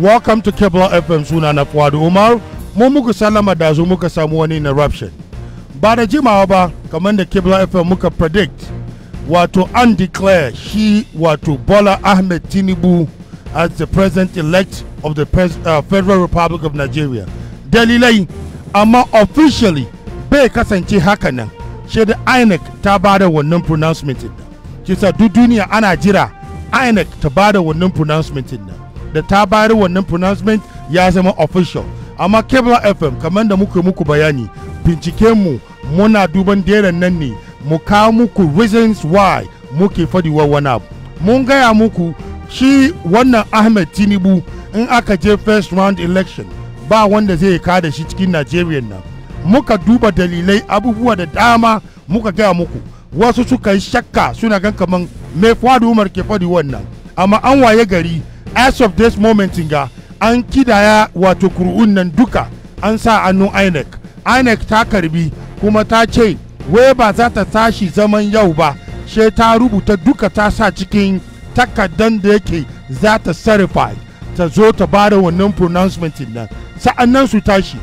Welcome to Kebla FM suna na Fuadu Umar. Mu muku salama da zo muka samu wani interruption. Ba da jimawa ba kamar da Kebla FM muka predict wato an declare shi wato Bola Ahmed Tinubu as the president-elect of the pres uh, Federal Republic of Nigeria. Dalilai amma officially bai kasance haka nan shi da INEC ta ba da wannan pronouncement din. Kisa duk duniya ana jira INEC ta ba da wannan pronouncement din da ta bayar wannan pronouncement ya zama official amma kebla fm kamar da muka muku bayani mu muna duban daren nan ne mu kawo muku reasons why muke fadiwa wani abu mun gaya muku shi wannan ahmed tinubu in aka je first round election ba wanda zai kada shi cikin nigeria nan muka duba dalilai abubuwa da dama muka gaya muku wasu suka yi shakka suna gan kamar mai fadi umar ke fadi wannan amma an waye gari as of this moment ga an kidaya wato kuru'un nan duka an sa hannu inec inec ta karbi kuma ta ce wai ba za ta tashi zaman yau ba she ta rubuta duka ta sa cikin takardan da yake za ta certify ta zo ta bada wannan pronouncement nan sa'annan su tashi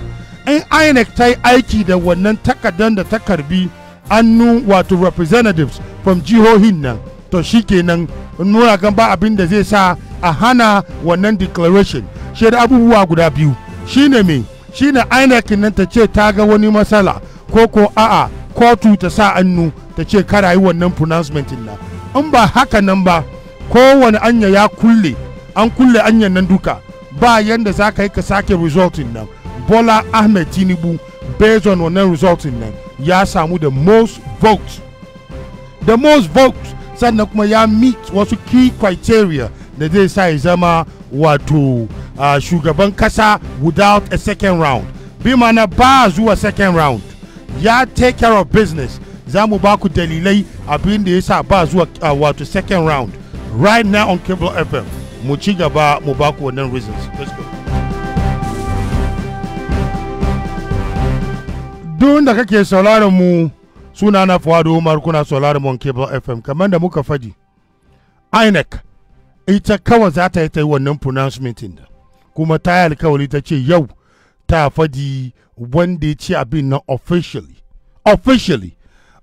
in inec ta yi aiki da wannan takardan da ta karbi annu wato representatives from jihohin nan to shikenan nuna gan ba abin da zai sa a hana wannan declaration shi da abubuwa guda biyu shine me shine inec nan ta ce ta ga wani matsala ko ko a'a kotu ta sa annu ta ce kara yi wannan pronouncement na in ba haka nan ba kowane anya ya kulle an kulle anyan nan duka ba yanda za ka yi ka sake resulting nan bola ahmed tinubu based on wannan resulting nan ya samu the most votes the most votes sannan kuma ya meet wasu key criteria da zai sa ya zama wato shugaban kasa without a second round bi mana ba zuwa second round ya take care of business za mu ba ku dalilai abin da ya sa ba zuwa wato second round right now on cable fm mu ci gaba mu ba ku wannan reasons let's da kake sauraron mu suna na Fuadu Umar kuna sauraron mu on Cable FM kamar da muka faɗi INEC ita kawai za ta yi ta yi wannan pronouncement da kuma ta yi alkawari ta ce yau ta fadi wanda ya ce abin nan officially officially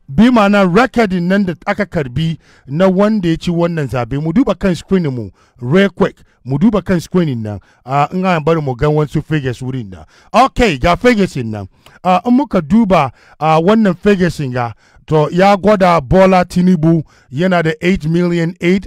bi ma'ana recording nan da aka karbi na wanda ya ci wannan zabe mu duba kan screening mu real quick mu duba kan screening nan uh, in an bari mu gan wasu figures wurin nan ok ga figures nan uh, in muka duba uh, wannan figures ga to ya gwada bola tinubu yana da 8 million 8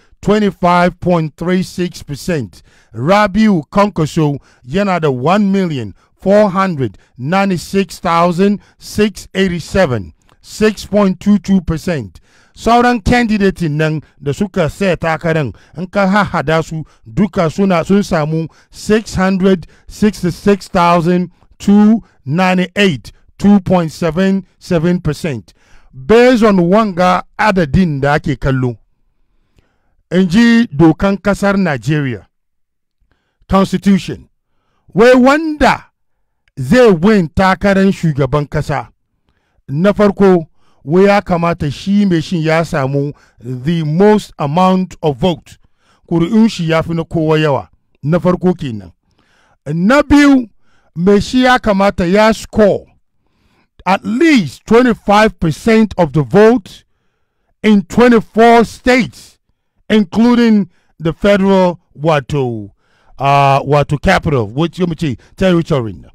25.36%. Rabiu Konkoso yana da 1,496,687 6.22%. Sauran candidate nan da suka saya takarar in ka hahada su duka suna sun samu 666,298 2.77%. Based on wanga adadin da ake kallo. in ji dokan kasar Najeriya, Constitution, wai wanda zai win takarar shugaban kasa na farko wai ya kamata shi mai shi ya samu the most amount of vote kuri'un shi ya fi na kowa yawa na farko kenan na biyu mai shi ya kamata ya score at least 25% of the vote in 24 states including the federal wato uh, wato capital wacce mu ce territory na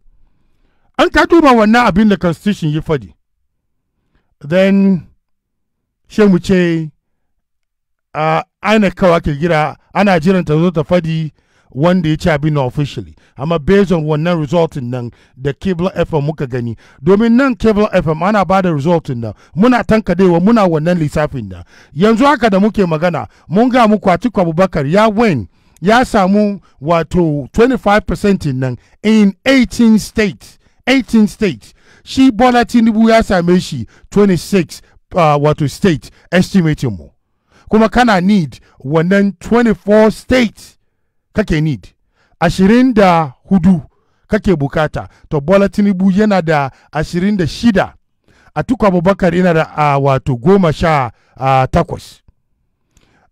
an ka duba wannan abin da constitution ya faɗi then she mu ce uh, ana kawa ke gira ana jiran ta zo ta faɗi wanda ya ci abin na officially amma based on wannan resultin nan da cable fm muka gani domin nan cable fm ana ba da resultin nan muna tankadewa muna wannan lissafin nan yanzu haka da muke magana mun ga muku atiku abubakar ya win ya samu wato 25% nan in 18 states 18 states shi bola tinubu ya same shi 26 uh, wato state estimating mu kuma kana need wannan 24 states kake need ashirin da hudu kake bukata to bola tinubu yana da ashirin da shida a tuku abubakar yana da a wato goma sha takwas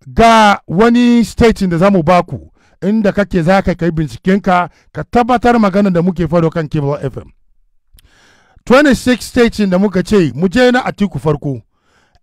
ga wani state da zamu baku inda kake za ka kai bincikenka ka tabbatar magana da muke faro kan cable fm 26 states da muka ce mu je na atiku farko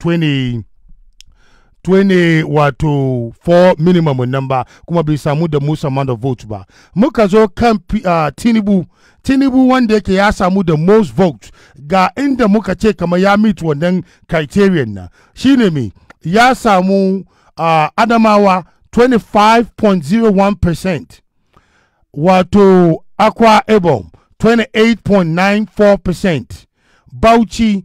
20 20 wato 4 minimum nan ba kuma bai samu da musa amount of votes ba muka zo kan uh, tinubu tinubu wanda yake ya samu da most votes ga inda muka ce kamar ya meet wannan criterion na shine me ya samu uh, adamawa 25.01% wato akwa ebom 28.94% bauchi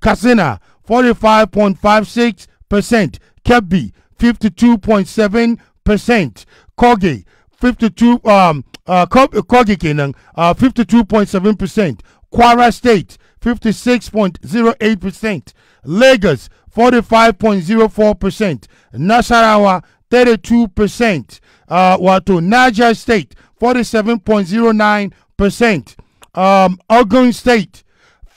Katsina 45.56%, Kebbi 52.7%, Kogi 52 um uh Kogi kenan uh 52.7%, Kwara State 56.08%, Lagos 45.04%, Nasarawa 32%, uh wato Niger State 47.09%, um Ogun State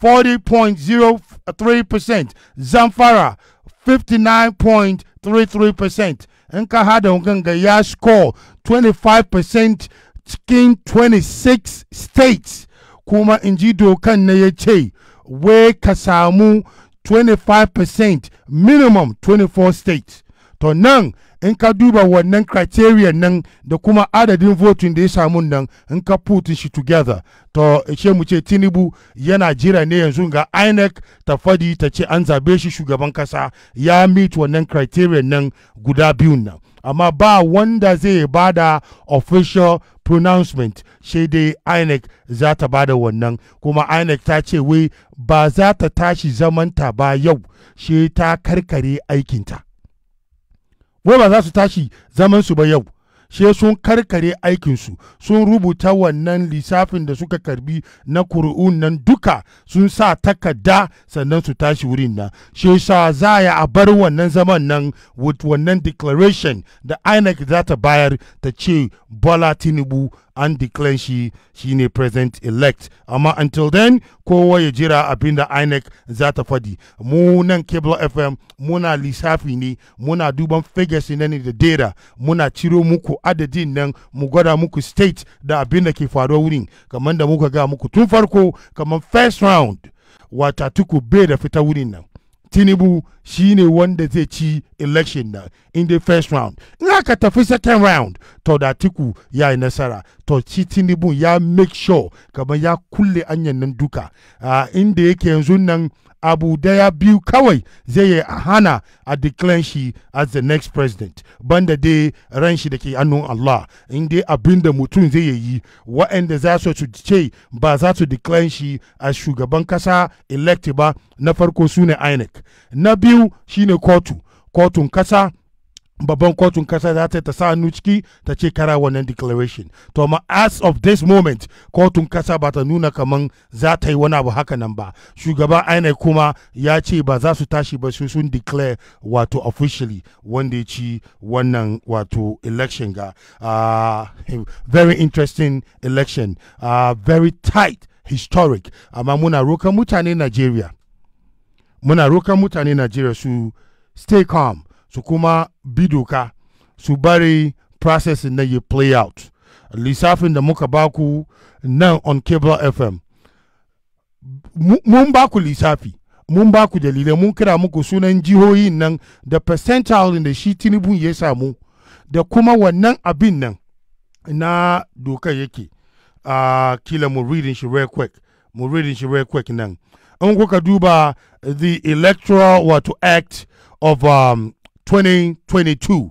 40.03%, Zamfara 59.33%, in hada Nganga ya score 25% cikin 26 states kuma in ji dokan na ya ce wai ka samu 25% minimum 24 states. To nan in ka duba wannan criteria nan da kuma adadin votin da ya samu nan in ka put shi together to ce mu ce tinubu yana jira ne yanzu ga inec ta fadi ta ce an zabe shi shugaban kasa ya meet wannan criteria nan guda biyu nan amma ba wanda zai bada official pronouncement sai dai inec za ta bada wannan kuma inec ta ce wai ba za ta tashi zamanta ba yau shi ta karkare aikinta goma za su tashi zaman su ba yau she sun karkare aikinsu sun rubuta wannan lissafin da suka karbi na kuri'un nan duka sun sa takarda sannan su tashi wurin nan shi sa za a bar wannan zaman nan with wannan declaration da inec za ta bayar ta ce bola tinubu an declare shi shine president elect amma until then kowa ya jira abinda inec za ta fadi mu nan cable fm muna lissafi ne muna duban figures ne da data muna ciro muku adadin nan mu gwada muku state da abin da ke faruwa wurin kamar da muka ga muku tun farko kamar first round wata tuku bai da fita wurin nan tinubu shine wanda zai ci election na in the first round in aka tafi second round to da tiku ya yi nasara to ci tinubu ya make sure kamar ya kulle anyan nan duka uh, inda yake yanzu nan abu daya biyu kawai zai yi a hana a declare shi as the next president banda dai ran shi da ke hannun Allah in dai abin da mutum zai yi waɗanda za su ce ba za su declare shi a shugaban kasa elect ba na farko su ne INEC na biyu shine kotu kotun kasa babban kotun kasa za ta sa hannu ciki ta ce kara wannan declaration to amma as of this moment kotun kasa ba ta nuna kaman za ta yi wani abu haka nan ba shugaba inec kuma ya ce ba za su tashi ba su sun declare wato officially wanda ya ci wannan wato election ga uh, very interesting election uh, very tight historic amma muna rokan mutane nigeria muna rokan mutane nigeria su stay calm su kuma bi doka su bari process na ya play out lissafin da muka baku nan on cable fm mun baku lissafi mun baku dalilai mun kira muku sunan jihohi nan da percentile da shi tinubu ya samu da kuma wannan abin nan na doka yake a ah, kila mu reading shi real quick mu reading shi real quick nan an kuka duba the electoral wato act of um, 2022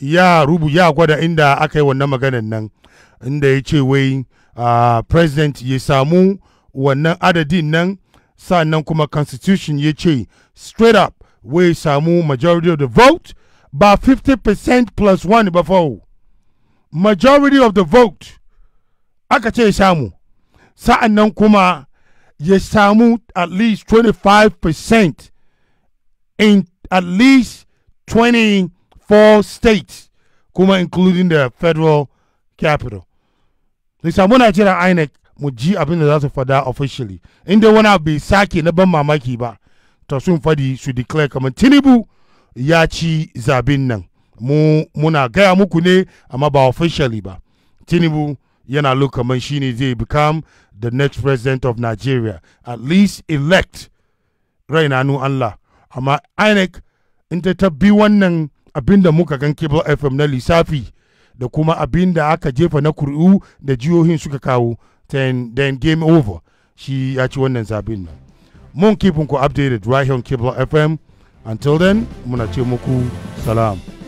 ya rubu ya gwada inda aka yi wannan maganan nan inda ya ce wai uh, president ya samu wannan adadin nan sannan kuma constitution ya ce straight up wai samu majority of the vote ba 50% plus 1 ba fau majority of the vote aka ce ya samu sa'annan kuma ya samu at least 25% in at least 24 states kuma including the federal capital lisa muna jiran inec mu ji abin da za su fada officially inda wani abu bai sake na ban mamaki ba to sun fadi su declare kamar tinubu ya ci zabin nan mu muna gaya muku ne amma ba officially ba tinubu yana look kamar shine zai become the next president of nigeria at least elect rainanu allah amma inec in ta tabbi wannan abin da muka gan cable fm na lissafi da kuma abin da aka jefa na kuri'u da jihohin suka kawo then game over shi ya ci wannan zabin nan mun kifin ku updated right here on cable fm until then muna ce muku salam